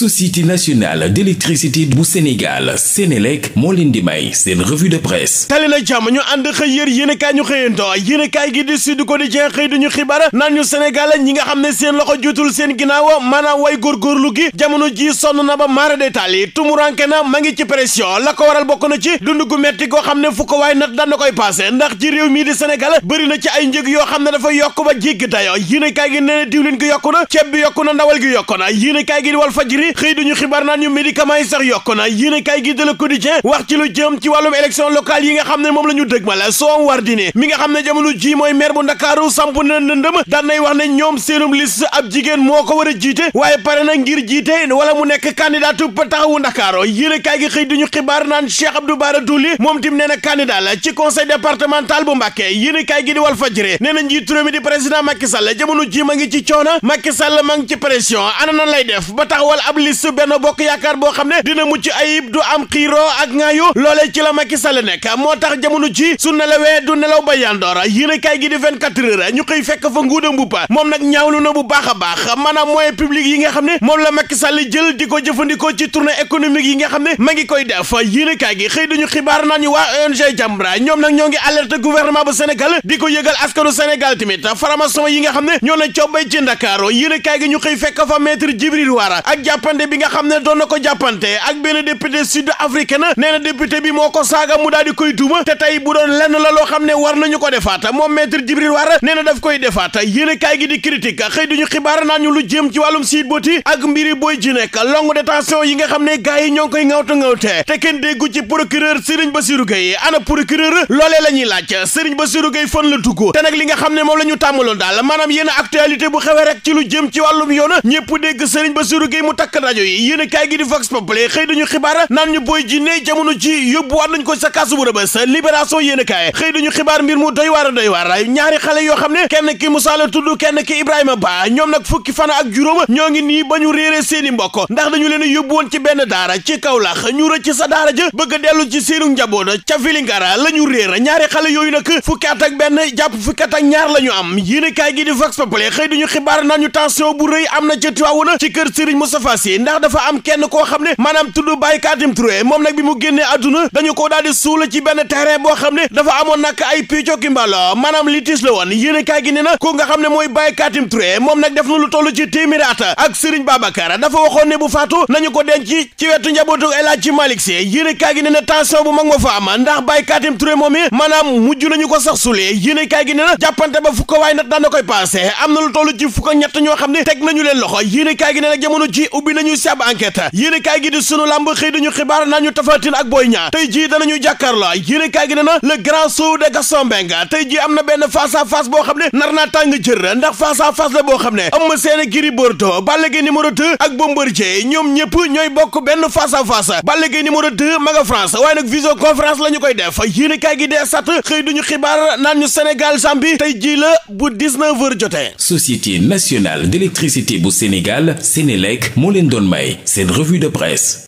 société tali na jàmm ñu ànd xëy yër yéenekaay ñu xëyantoo yéenekaay gi di Sud Quotidien xëy duñu xibaar naan ñu ñi nga xam ne seen loxo jotul seen ginnaaw maanaam way góorgóorlu gi jamono ji sonn na ba maara détaal yi tumuranke na ma ngi ci pression la ko waral bokk na ci dund gu metti koo xam ne fu ko waay nat daan koy passé ndax ci réew mii di Sénégal bëri na ci ay njëg yoo xam ne dafa yokk ba jéggi dayo yéenekaay gi nee na diwlin gi yokku na ceeb bi yokku gi xëy duñu xibaar naan ñu médicament yi sax yokk na yéen kay gi de Le Quotidien wax ci lu jëm ci wàllum élection locale yi nga xam ne moom la ñu dëgmal Soham Wardini mi nga xam ne jamono ji mooy maire bu Ndakaaru samp na ndëndëm daan nay wax ne ñoom seenum liste ab jigéen moo ko war a jiite waaye pare na ngir jiite wala mu nekk candidat ba taxawu Ndakaaru yéen kay gi xëy duñu xibaar naan Cheikh Abdou Bara Douli moom tim nee na candidat la ci conseil départemental ma ngi ci coono Macky Sall ma ngi nan lay def liste benn bokk yaakaar boo xam ne dina mucc ayib du am xiiroo ak ŋaayu loolee ci la Macky Sall nekk moo tax jamono ji su nelawee du nelaw ba yandoor yéen a gi di 24 ñu koy fekk fa nguuda mbuppa moom nag ñaawlu na bu baax a baax maanaam moyen public yi nga xam ne moom la Macky Sall jël di ko jëfandikoo ci tournée économique yi nga xam ne ma ngi koy def yéen a kaay gi xëy dañu xibaar naa waa ONG Jamra ñoom nag ñoo ngi alerte gouvernement bu Sénégal di ko yëgal askanu yi nga xam ne ñoo na cobbay gi ñu xëy fekk fa maître Djibril Wara jàppante bi nga xam ne doon na ko jàppante ak benn député sud africain nee na député bi moo mu daal di koy tuuma te tey bu doon lenn la loo xam ne war nañu ko defaat moom maître Djibril War nee na daf koy defaat kaay gi di critique xëy duñu xibaar naan ñu lu jëm ci wàllum siit booti ak mbiri booy ji nekk longue yi nga xam ne gars yi ñoo ngi koy ŋawta ŋawte te kenn déggu ci procureur Serigne Bassirou Gueye ana procureur loolee la ñuy laaj Serigne Bassirou Gueye fan la dugg te nag li nga xam ne moom la ñu tàmmaloon daal maanaam yéen actualité bu xewee rek ci lu jëm ci wàllum yoon ñëpp dégg ba Bassirou Gueye mu takk kat rajo yi yéen a kaay xëy dañu xibaar naan Boy Djiné jamono ji yóbbuwaat nañ ko sa kasu bu rëbës libération yéen a kaay xëy dañu xibaar mbir mu doy waar doy waar ñaari xale yoo xam ne kenn ki Moussa la tudd kenn ki Ibrahima Ba ñoom nag fukki fan ak juróom ñoo ngi nii ba ñu réeree seeni mbokk ndax dañu leen yóbbu woon ci benn daara ci Kaolack ñu rëcc sa daara ja bëgg a dellu ci seenu njaboot ca Vélingara la ñu réer ñaari xale yooyu nag fukki at ak benn jàpp fukki at la am gi di ñu tension bu rëy am na si ndax dafa am kenn koo xam ne maanaam tudd Baye Katim Touré moom nag bi mu génnee àdduna dañu koo daal di suul ci benn terrain boo xam ne dafa amoon nag ay picco ki mbalo maanaam litige la a kaay gi ne na ko nga xam ne mooy bay Katim Touré moom nag def na lu toll ci téeméeri at ak Serigne Babacar dafa waxoon ne bu faatu nañu ko denc ci wetu njabootu El Hadji Malick Sy yéen a kaay gi ne na tension bu mag ma fa ndax Baye Katim Touré moom i maanaam mujj nañu ko a kaay gi ne na jàppante ba fukk waaye nag ñoo xam ne teg nañu leen loxo yéen a kaay gi ne ubbi nañu sab enquête yéen kaay gi di sunu lamb xëy dañu xibaar naa ñu tafatin ak boy ñaa tey jii danañu jàkkaarloo yéen kaay gi ne na le grand saut de Gaston Mbengue tey jii am na benn face à face boo xam ne nar naa tàng jër ndax face à la boo xam ne am seen Gris Bordeaux Balla Gaye numéro 2 ak Bombardier ñoom ñëpp ñooy bokk benn face à face Balla Gaye numéro 2 ma nga France waaye nag visio conférence la koy def yéen kaay gi dee sat xëy duñu ñu Sénégal leen doon may seen revue de presse